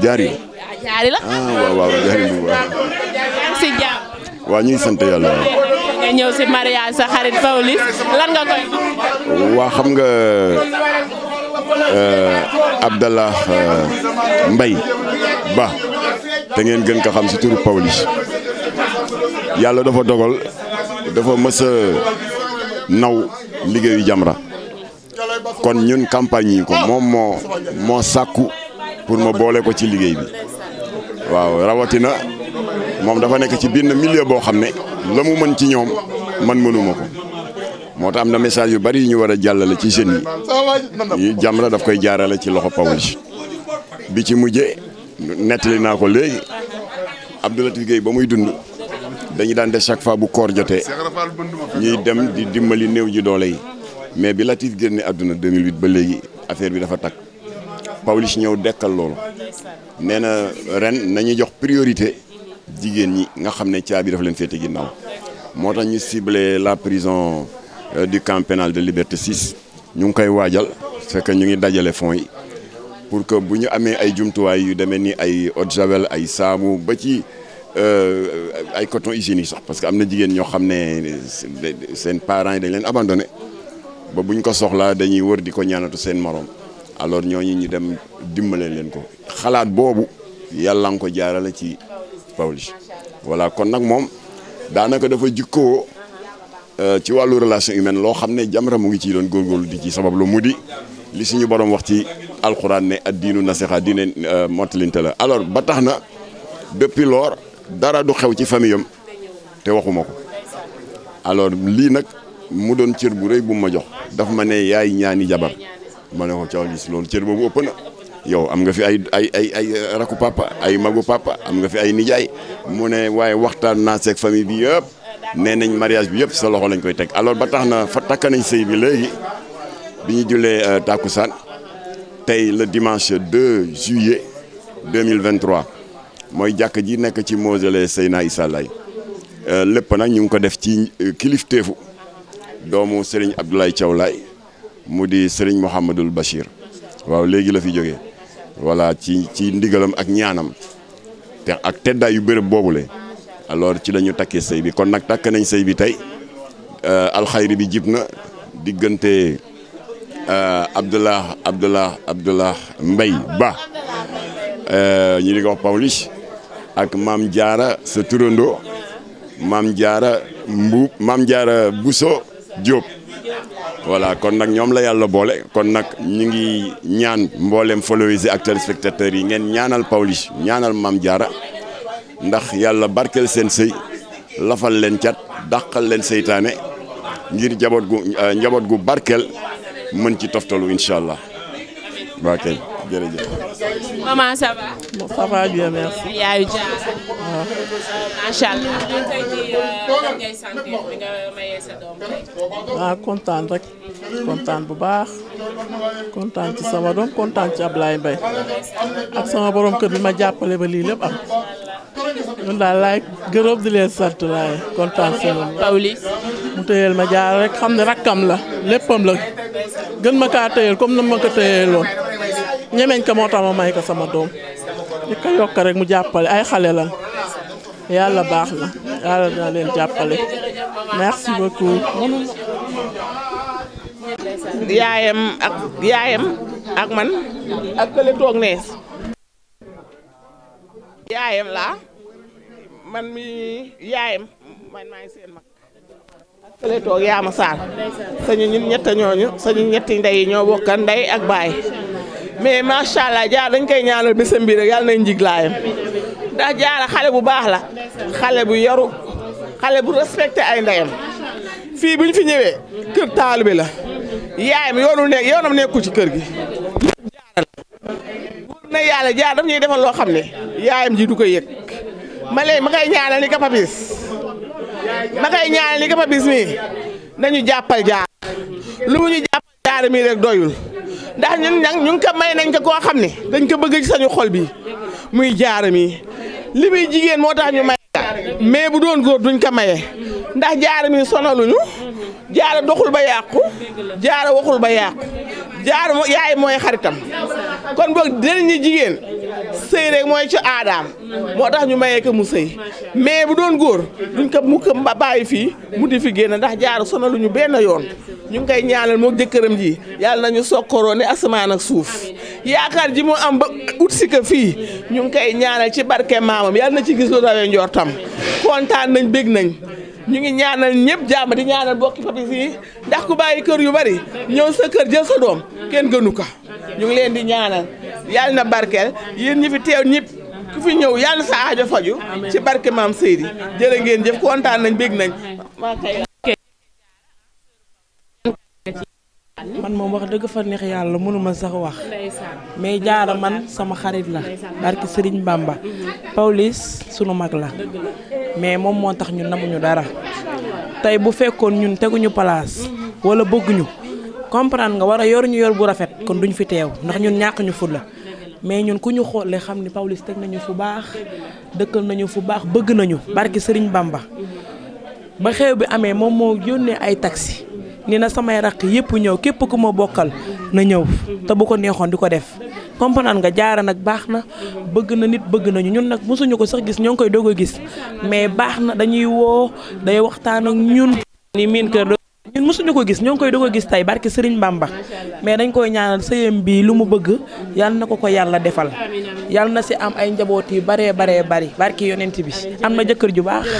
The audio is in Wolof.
jaari jaari la ah, waaw waaw jaari sant yàlla nga ñëw si mariage sa xarit Pawlish lan nga koy. waa xam nga euh, Abdallah euh, Mbaye Ba te ngeen gën ko xam si turu Pawlish yàlla dafa dogal dafa mës a naw liggéeyu Jamra kon ñun campagne yi ko moom moo sàkku. pour ma boole ko ci liggéey bi waaw rawatina moom dafa nekk ci biir na milieu boo xam ne la mu mën ci ñoom man mënuma ko moo tax am na message yu bari yu ñu war a jàllale ci jeunes yi yi Jamra daf koy jaarale ci loxo Pawlish bi ci mujje nettali naa ko léegi Abdou Latif Gueye ba muy dund dañuy daan def chaque fois bu koor jotee ñuy dem di dimbali néew ji doole yi mais bi Latif génne àdduna 2008 ba léegi affaire bi dafa takk Pawlish ñëw dekkal loolu nee na ren nañu jox priorité jigéen ñi nga xam ne caabi dafa leen féete ginnaaw moo tax ñu cible la prison euh, du camp pénal de Liberté 6 ñu ngi koy waajal c'est que ñu ngi dajale fonds yi pour que bu ñu amee ay jumtuwaay yu demee ni ay eau javel ay saabu ba ci euh, ay coton hygiénique sax parce que am na jigéen ñoo xam ne seen parents yi dañ leen abandonné ba bu ñu ko soxlaa dañuy wër di ko ñaanatu seen moroom alors ñooñu ñu dem dimbale leen ko xalaat boobu yàlla nga ko jaarale ci Pawlish voilà kon nag moom daanaka dafa jikkoo euh, ci wàllu relation humaine loo xam ne Jamra mu ngi ciy doon góorgóorlu di ci sabab lu mu di li suñu borom wax ci alxuraan ne ad diinu nasixa diine euh, mottalinte la alors ba tax na depuis lors dara du xew ci famille am te waxuma ko alors lii nag mu doon cër bu rëy bu ma jox ma ne yaay ñaani jabar ma ne ko Thiaw Liss loolu cër boobu ëpp na yow am nga fi ay ay ay ay rakku papa ay magu papa am nga fi ay nijaay mu ne waaye waxtaan naa seeg famille bi yëpp nee nañ mariage bi yëpp sa loxo lañ koy teg alors ba tax na fa takk nañ sëy bi léegi bi ñu jullee euh, tàkkusaan tey le dimanche 2 juillet 2023 mooy jàkk ji nekk ci mausolée Seyna Issa Laye euh, lépp nag ñu ngi ko def ci euh, kilifteefu doomu Serigne Abdoulaye Thiaw Laye mu di Serigne Mouhamadul Bachir waaw léegi la fi jóge voilà ci ci ndigalam ak ñaanam te ak teddaay yu bërëb le alors ci lañu takkee sëy bi kon nag takk nañ sëy bi tey euh, alxayri bi jib na diggante euh, Abdallah Abdallah Abdallah Mbaye Ba euh, ñu di ko wax Pawlish ak maam Diarra sa turando maam Diarra Mbuub maam Diarra Bousso Diop. voilà kon nag ñoom la yàlla boole kon nag ñu ngi ñaan mboolem followers ak téléspectateurs yi ngeen ñaanal Pawlish ñaanal maam Diarra ndax yàlla barkeel seen sëy lafal leen cat dàqal leen seytaane ngir njaboot gu euh, njaboot gu barkeel mën ci toftolu incha allah waa kay jërëjëf. comment waaw ah, kontaan rek kontaan bu baax kontaan ci sama doom kontaan ci Ablaye Mbaye ak sama boroom kër bi ma jàppale ba lii lépp am ñun daal laay gërëm di leen sant kontaan si mu tëyeel ma jaar rek xam ne rakkam la léppam la gën ma kaa tëyeel comme na ma ko tëyeeloon ñemeñ ko moo tax ma may ko sama doom di ko yokk rek mu jàppale ay xale la yàlla baax na yàlla dina leen jàppale beaucoup. yaayam ak yaayam ak man ak kële toog nee. yaayam laa man mi yaayam man maay seen mag ak kële toog yaama saar sañu ñun ñett ñooñu sañu ñetti ndey ñoo bokka ndey ak baay mais macha allah jaar dañ koy ñaanal bésam bi rek yàlla nañ njiglaayam ndax jaara xale bu baax la xale bu yaru xale bu respecté ay ndayam fii bu ñu fi ñëwee kër bi la yaayam yoonu ne yoonam nekkul ci kër gi jaara la wóor ñuy defal loo xam ne yaayam ji du ko yëg ma léegi ma koy ñaanal ni ka ma koy ñaanal ni ka papis nañu jàppal jaar lu ñu jàppal daara mi rek doyul ndax ñun nag ñu ngi ko may nañ ko koo xam ne dañ ko bëgg ci sañu xol bi muy jaara mi li muy jigéen moo tax ñu may mais bu doon góor duñ ko maye ndax jaara mi sonaluñu jaara doxul ba yàqu jaara waxul ba yàqu jaar yaay mooy xaritam kon boog dinañu jigéen sëy rek mooy ci aadaam moo tax ñu mayee ko mu sëy mais bu doon góor duñ ko mu ko bàyyi fii mu di fi génn ndax jaar sonalu ñu benn yoon ñu ngi koy ñaanal jëkkëram ji yàlla nañu sokkoroo ne asamaan ak suuf yaakaar ji mu am ba ut si ko fii ñu ngi koy ñaanal ci barke maamam yàlla na ci gis lu rawee njortam kontaan nañ bég nañ ñu ngi ñaanal ñëpp jàmm di ñaanal bokki papis ndax ku bàyyi kër yu bari ñëw sa kër jël sa doom kenn gënu ko ñu ngi leen di ñaanal yal na barkeel yéen ñi fi teew ñëpp ku fi ñëw yàlla sa aajo faju ci barke maam Seydi jërë ngeen jëf kontaan nañ bég nañ man moom wax dëgg fa neex yàlla mënuma sax wax mais jaara man sama xarit la barki Sëriñ Bamba Pawlish sunu mag la mais moom moo tax ñun namuñu dara tey bu fekkoon ñun teguñu place wala bëgguñu comprendre nga war a yor ñu yor bu rafet kon duñ fi teew ndax ñun ñàkk ñu la mais ñun ku ñu xoolee xam ni Pawlish teg nañu fu baax dëkkal nañu fu baax bëgg nañu barki Sëriñ Bamba ba xew bi amee moom moo yónnee ay taxi ni na samay raq yëpp ñëw képp ku ma bokkal na ñëw te bu ko neexoon di ko def comprendre nga jaara nag baax na bëgg na nit bëgg nañu ñun nag mosuñu ko sax gis ñoo ngi koy doog gis mais baax na dañuy woo day waxtaan ak ñun ni miin kër ñun mosuñu ko gis ñoo ngi koy doog a gis tey barke Serigne Bamba mais dañ koy ñaanal sëyam bii lu mu bëgg yàlla na ko ko yàlla defal yàlla na si am ay njaboot yu baree baree bari barke yonent bi am na jëkkër ju baax